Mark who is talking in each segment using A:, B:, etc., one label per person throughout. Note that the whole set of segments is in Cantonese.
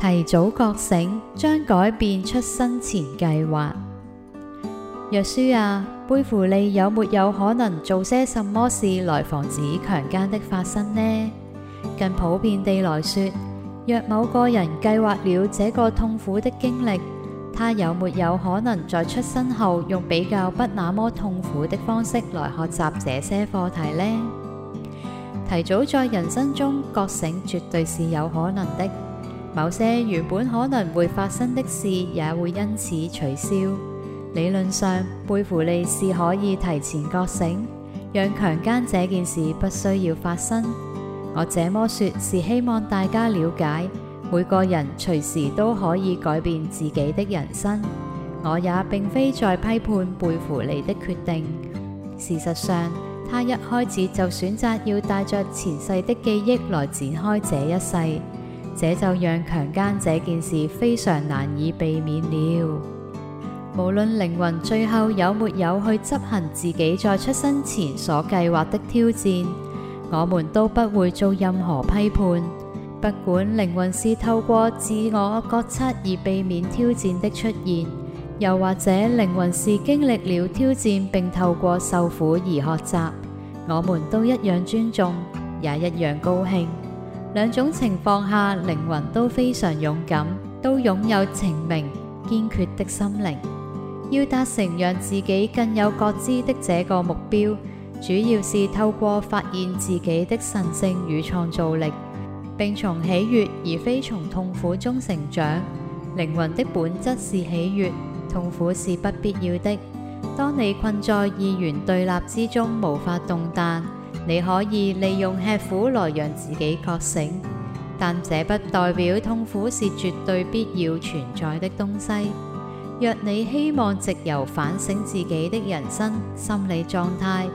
A: 提早覺醒，將改變出生前計劃。約書亞、啊、貝芙莉，有沒有可能做些什麼事來防止強姦的發生呢？更普遍地來說，若某個人計劃了這個痛苦的經歷，他有沒有可能在出生後用比較不那麼痛苦的方式來學習這些課題呢？提早在人生中覺醒，絕對是有可能的。某些原本可能會發生的事也會因此取消。理論上，貝芙莉是可以提前覺醒，讓強姦這件事不需要發生。我這麼說是希望大家了解，每個人隨時都可以改變自己的人生。我也並非在批判貝芙莉的決定。事實上，他一開始就選擇要帶着前世的記憶來展開這一世。這就讓強姦這件事非常難以避免了。無論靈魂最後有沒有去執行自己在出生前所計劃的挑戰，我們都不會做任何批判。不管靈魂是透過自我覺察而避免挑戰的出現，又或者靈魂是經歷了挑戰並透過受苦而學習，我們都一樣尊重，也一樣高興。兩種情況下，靈魂都非常勇敢，都擁有澄明、堅決的心靈。要達成讓自己更有覺知的這個目標，主要是透過發現自己的神性與創造力，並從喜悦而非從痛苦中成長。靈魂的本質是喜悦，痛苦是不必要的。當你困在二元對立之中，無法動彈。你可以利用吃苦來讓自己覺醒，但這不代表痛苦是絕對必要存在的東西。若你希望藉由反省自己的人生、心理狀態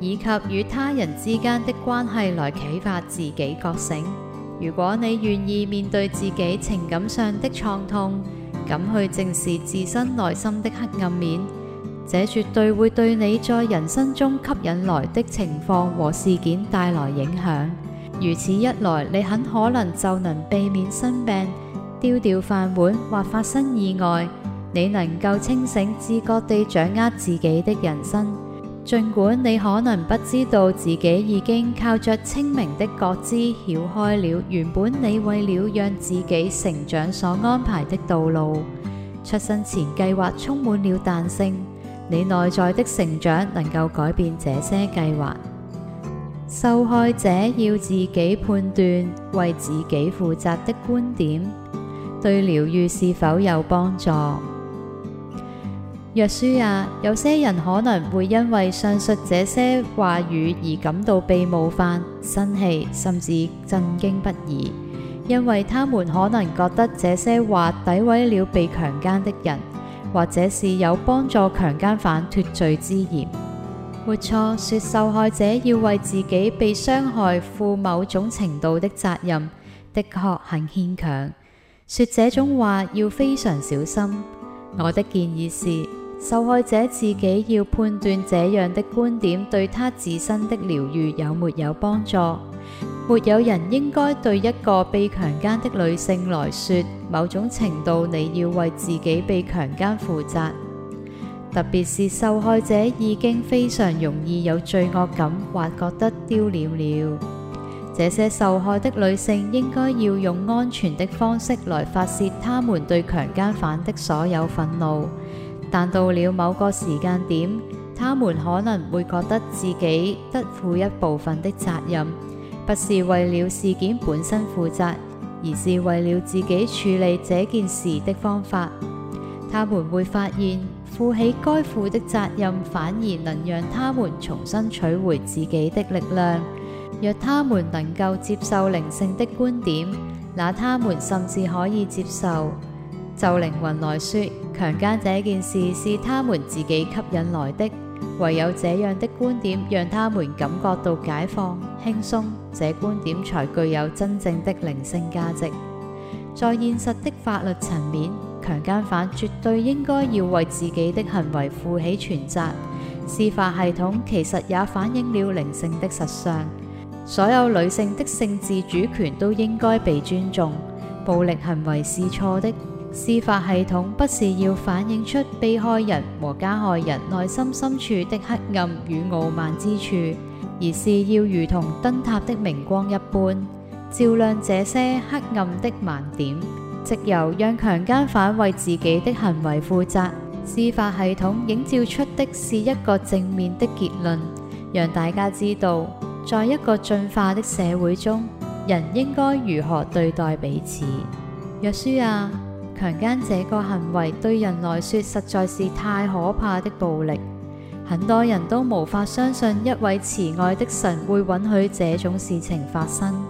A: 以及與他人之間的關係來啟發自己覺醒，如果你願意面對自己情感上的創痛，敢去正視自身內心的黑暗面。這絕對會對你在人生中吸引來的情況和事件帶來影響。如此一來，你很可能就能避免生病、丟掉飯碗或發生意外。你能夠清醒自覺地掌握自己的人生，儘管你可能不知道自己已經靠着清明的覺知曉開了原本你為了讓自己成長所安排的道路。出生前計劃充滿了彈性。你內在的成長能夠改變這些計劃。受害者要自己判斷為自己負責的觀點對療癒是否有幫助。約書亞，有些人可能會因為上述這些話語而感到被冒犯、生氣，甚至震驚不已，因為他們可能覺得這些話詆毀了被強姦的人。或者是有幫助強姦犯脫罪之嫌。沒錯，說受害者要為自己被傷害負某種程度的責任，的確很牽強。說這種話要非常小心。我的建議是，受害者自己要判斷這樣的觀點對他自身的療癒有沒有幫助。沒有人應該對一個被強姦的女性來說，某種程度你要為自己被強姦負責，特別是受害者已經非常容易有罪惡感或覺得丟臉了。這些受害的女性應該要用安全的方式來發洩他們對強姦犯的所有憤怒，但到了某個時間點，他們可能會覺得自己得負一部分的責任。不是為了事件本身負責，而是為了自己處理這件事的方法。他們會發現負起該負的責任，反而能讓他們重新取回自己的力量。若他們能夠接受靈性的觀點，那他們甚至可以接受。就靈魂來說，強姦這件事是他們自己吸引來的。唯有這樣的觀點讓他們感覺到解放、輕鬆，這觀點才具有真正的靈性價值。在現實的法律層面，強姦犯絕對應該要為自己的行為負起全責。司法系統其實也反映了靈性的實相，所有女性的性自主權都應該被尊重。暴力行為是錯的。司法系統不是要反映出被害人和加害人內心深處的黑暗與傲慢之處，而是要如同燈塔的明光一般，照亮這些黑暗的盲點，藉由讓強姦犯為自己的行為負責。司法系統映照出的是一個正面的結論，讓大家知道，在一個進化的社會中，人應該如何對待彼此。約書亞，啊。強姦這個行為對人來說實在是太可怕的暴力，很多人都無法相信一位慈愛的神會允許這種事情發生。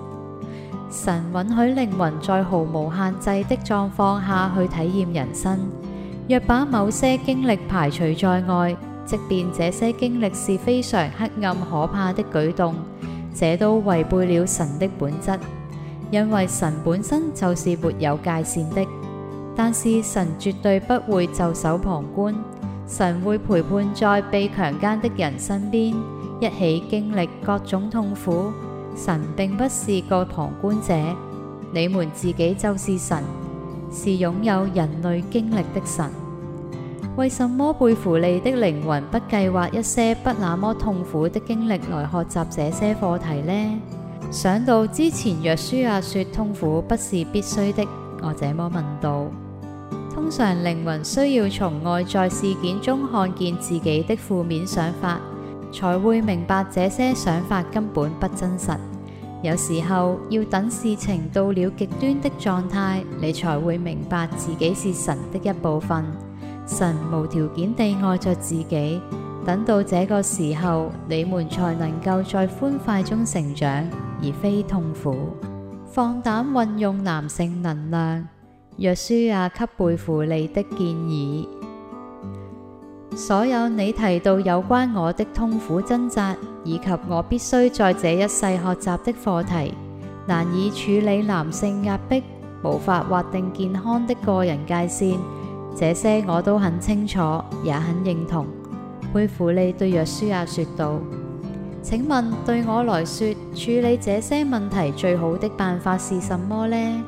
A: 神允許靈魂在毫無限制的狀況下去體驗人生，若把某些經歷排除在外，即便這些經歷是非常黑暗可怕的舉動，這都違背了神的本質，因為神本身就是沒有界線的。但是神絕對不會袖手旁觀，神會陪伴在被強姦的人身邊，一起經歷各種痛苦。神並不是個旁觀者，你們自己就是神，是擁有人類經歷的神。為什麼貝芙莉的靈魂不計劃一些不那麼痛苦的經歷來學習這些課題呢？想到之前約書亞、啊、說痛苦不是必須的，我這麼問道。通常靈魂需要從外在事件中看見自己的負面想法，才會明白這些想法根本不真實。有時候要等事情到了極端的狀態，你才會明白自己是神的一部分，神無條件地愛着自己。等到這個時候，你們才能夠在歡快中成長，而非痛苦。放膽運用男性能量。約書亞給貝芙莉的建議：所有你提到有關我的痛苦掙扎，以及我必須在這一世學習的課題，難以處理男性壓迫，無法劃定健康的個人界線，這些我都很清楚，也很認同。貝芙莉對約書亞說道：請問對我來說，處理這些問題最好的辦法是什麼呢？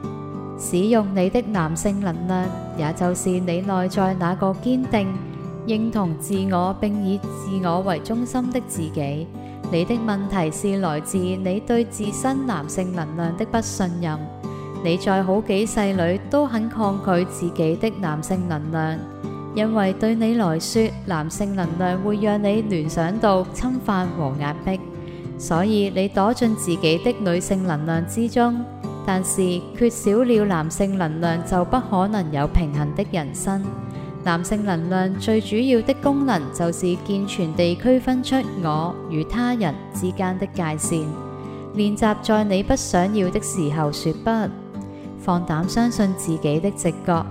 A: 使用你的男性能量，也就是你內在那個堅定、認同自我並以自我為中心的自己。你的問題是來自你對自身男性能量的不信任。你在好幾世裏都很抗拒自己的男性能量，因為對你來說，男性能量會讓你聯想到侵犯和壓迫，所以你躲進自己的女性能量之中。但是缺少了男性能量就不可能有平衡的人生。男性能量最主要的功能就是健全地區分出我與他人之間的界線。練習在你不想要的時候說不，放膽相信自己的直覺。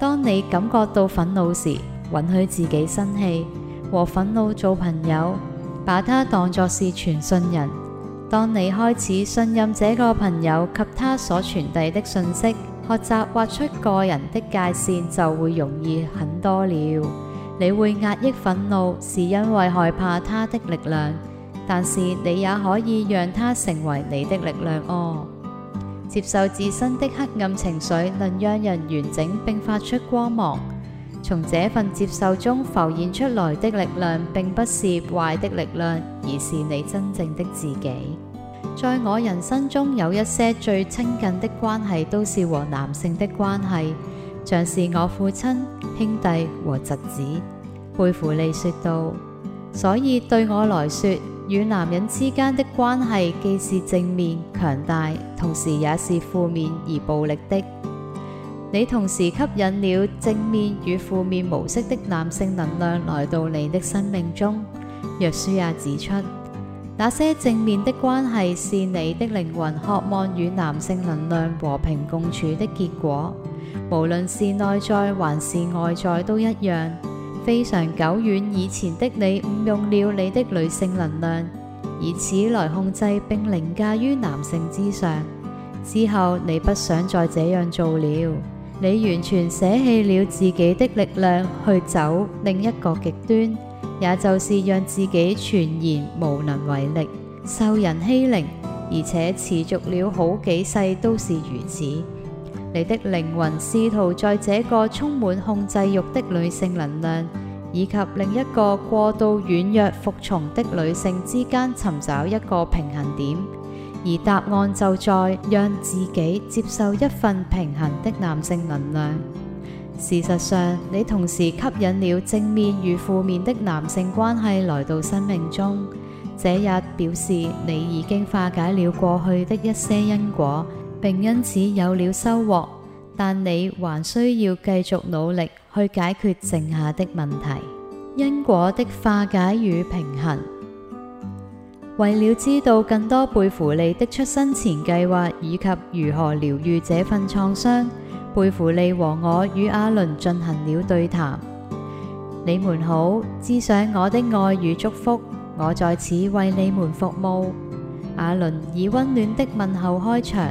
A: 當你感覺到憤怒時，允許自己生氣，和憤怒做朋友，把它當作是傳信人。當你開始信任這個朋友及他所傳遞的信息，學習劃出個人的界線就會容易很多了。你會壓抑憤怒，是因為害怕他的力量，但是你也可以讓他成為你的力量哦。接受自身的黑暗情緒，能讓人完整並發出光芒。從這份接受中浮現出來的力量，並不是壞的力量，而是你真正的自己。在我人生中有一些最親近的關係，都是和男性的關係，像是我父親、兄弟和侄子。貝芙莉說道。所以對我來說，與男人之間的關係既是正面強大，同時也是負面而暴力的。你同時吸引了正面與負面模式的男性能量來到你的生命中。約書亞指出。那些正面的關係是你的靈魂渴望與男性能量和平共處的結果，無論是內在還是外在都一樣。非常久遠以前的你誤用了你的女性能量，以此來控制並凌駕於男性之上。之後你不想再這樣做了，你完全捨棄了自己的力量去走另一個極端。也就是讓自己全然無能為力，受人欺凌，而且持續了好幾世都是如此。你的靈魂試圖在這個充滿控制欲的女性能量，以及另一個過度軟弱服從的女性之間尋找一個平衡點，而答案就在讓自己接受一份平衡的男性能量。事實上，你同時吸引了正面與負面的男性關係來到生命中，這也表示你已經化解了過去的一些因果，並因此有了收穫。但你還需要繼續努力去解決剩下的問題。因果的化解與平衡，為了知道更多背負你的出生前計劃以及如何療癒這份創傷。貝芙莉和我與阿倫進行了對談。你們好，致上我的愛與祝福。我在此為你們服務。阿倫以溫暖的問候開場，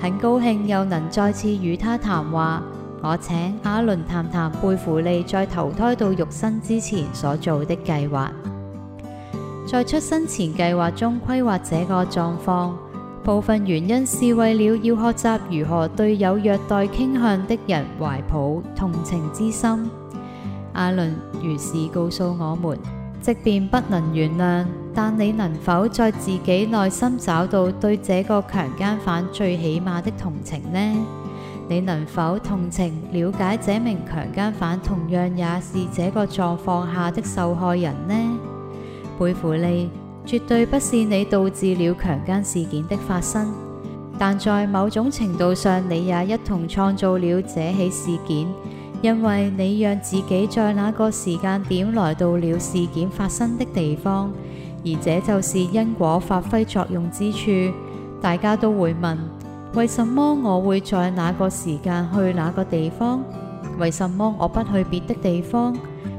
A: 很高興又能再次與他談話。我請阿倫談談貝芙莉在投胎到肉身之前所做的計劃，在出生前計劃中規劃這個狀況。部分原因是為了要學習如何對有虐待傾向的人懷抱同情之心。阿倫如是告訴我們，即便不能原諒，但你能否在自己內心找到對這個強姦犯最起碼的同情呢？你能否同情、了解這名強姦犯同樣也是這個狀況下的受害人呢？貝芙莉。絕對不是你導致了強姦事件的發生，但在某種程度上，你也一同創造了這起事件，因為你讓自己在那個時間點來到了事件發生的地方。而這就是因果發揮作用之處。大家都會問：為什麼我會在那個時間去那個地方？為什麼我不去別的地方？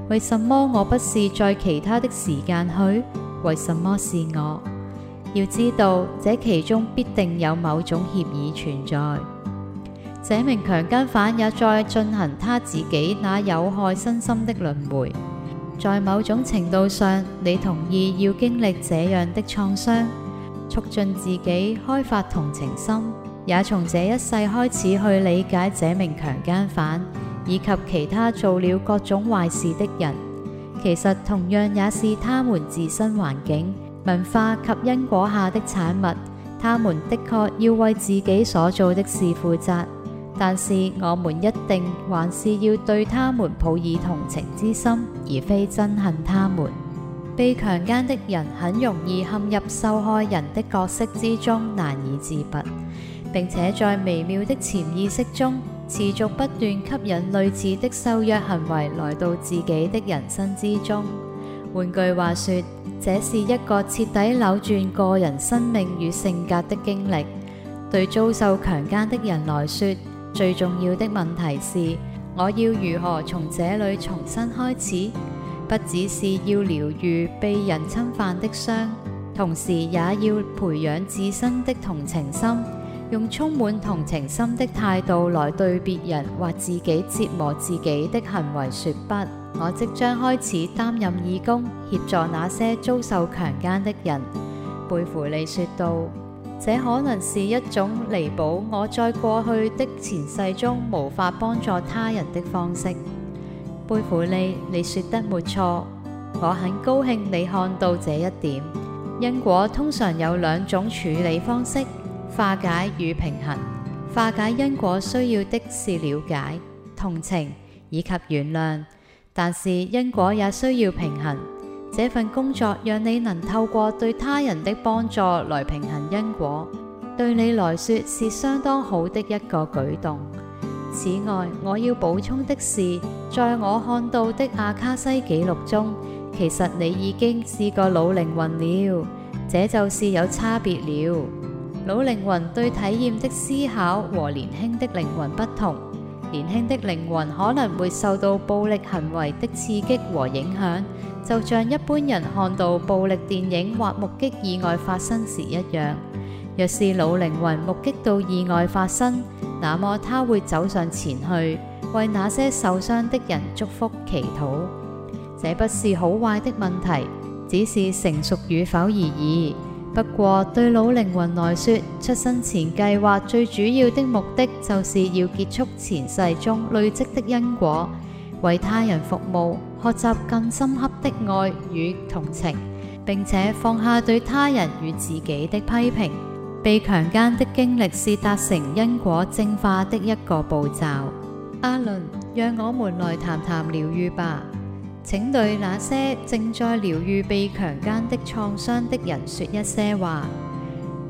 A: 為什麼我不是在其他的時間去？為什麼是我？要知道，這其中必定有某種協議存在。這名強姦犯也在進行他自己那有害身心的輪迴。在某種程度上，你同意要經歷這樣的創傷，促進自己開發同情心，也從這一世開始去理解這名強姦犯以及其他做了各種壞事的人。其實同樣也是他們自身環境、文化及因果下的產物。他們的確要為自己所做的事負責，但是我們一定還是要對他們抱以同情之心，而非憎恨他們。被強姦的人很容易陷入受害人的角色之中，難以自拔，並且在微妙的潛意識中，持續不斷吸引類似的受虐行為來到自己的人生之中。換句話說，這是一個徹底扭轉個人生命與性格的經歷。對遭受強姦的人來說，最重要的問題是：我要如何從這裏重新開始？不只是要療癒被人侵犯的傷，同時也要培養自身的同情心。用充滿同情心的態度來對別人或自己折磨自己的行為說不。我即將開始擔任義工，協助那些遭受強姦的人。貝芙莉說道：這可能是一種彌補我在過去的前世中無法幫助他人的方式。貝芙莉，你說得沒錯，我很高興你看到這一點。因果通常有兩種處理方式。化解與平衡，化解因果需要的是了解、同情以及原諒，但是因果也需要平衡。這份工作讓你能透過對他人的幫助來平衡因果，對你來說是相當好的一個舉動。此外，我要補充的是，在我看到的阿卡西記錄中，其實你已經是個老靈魂了，這就是有差別了。老靈魂對體驗的思考和年輕的靈魂不同。年輕的靈魂可能會受到暴力行為的刺激和影響，就像一般人看到暴力電影或目擊意外發生時一樣。若是老靈魂目擊到意外發生，那麼他會走上前去，為那些受傷的人祝福祈禱。這不是好壞的問題，只是成熟與否而已。不過對老靈魂來說，出生前計劃最主要的目的，就是要結束前世中累積的因果，為他人服務，學習更深刻的愛與同情，並且放下對他人與自己的批評。被強姦的經歷是達成因果淨化的一個步驟。阿倫，讓我們來談談療癒吧。請對那些正在療癒被強姦的創傷的人說一些話。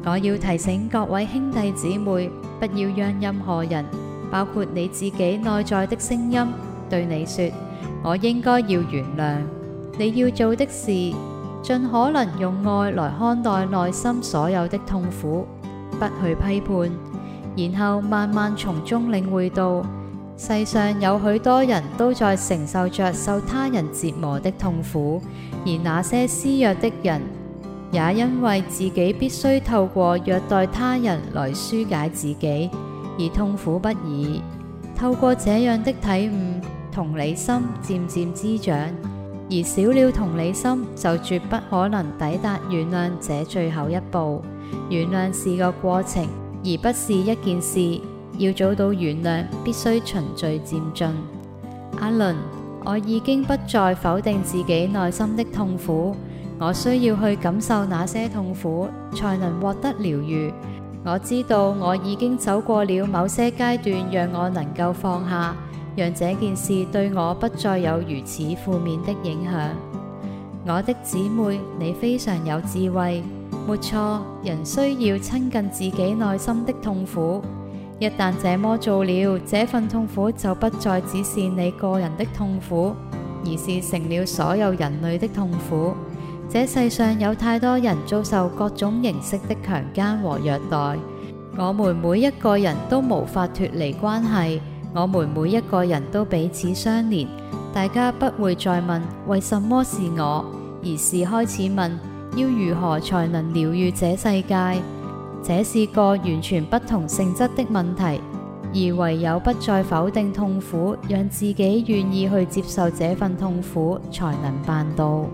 A: 我要提醒各位兄弟姊妹，不要讓任何人，包括你自己內在的聲音，對你說我應該要原諒。你要做的是盡可能用愛來看待內心所有的痛苦，不去批判，然後慢慢從中領會到。世上有許多人都在承受着受他人折磨的痛苦，而那些施虐的人也因為自己必須透過虐待他人來紓解自己而痛苦不已。透過這樣的體悟，同理心漸漸滋長，而少了同理心就絕不可能抵達原諒這最後一步。原諒是個過程，而不是一件事。要做到原諒，必須循序漸進。阿倫，我已經不再否定自己內心的痛苦，我需要去感受那些痛苦，才能獲得療癒。我知道我已經走過了某些階段，讓我能夠放下，讓這件事對我不再有如此負面的影響。我的姊妹，你非常有智慧，沒錯，人需要親近自己內心的痛苦。一旦這麼做了，這份痛苦就不再只是你個人的痛苦，而是成了所有人類的痛苦。這世上有太多人遭受各種形式的強姦和虐待，我們每一個人都無法脫離關係，我們每一個人都彼此相連。大家不會再問為什麼是我，而是開始問要如何才能療愈這世界。這是個完全不同性質的問題，而唯有不再否定痛苦，讓自己願意去接受這份痛苦，才能辦到。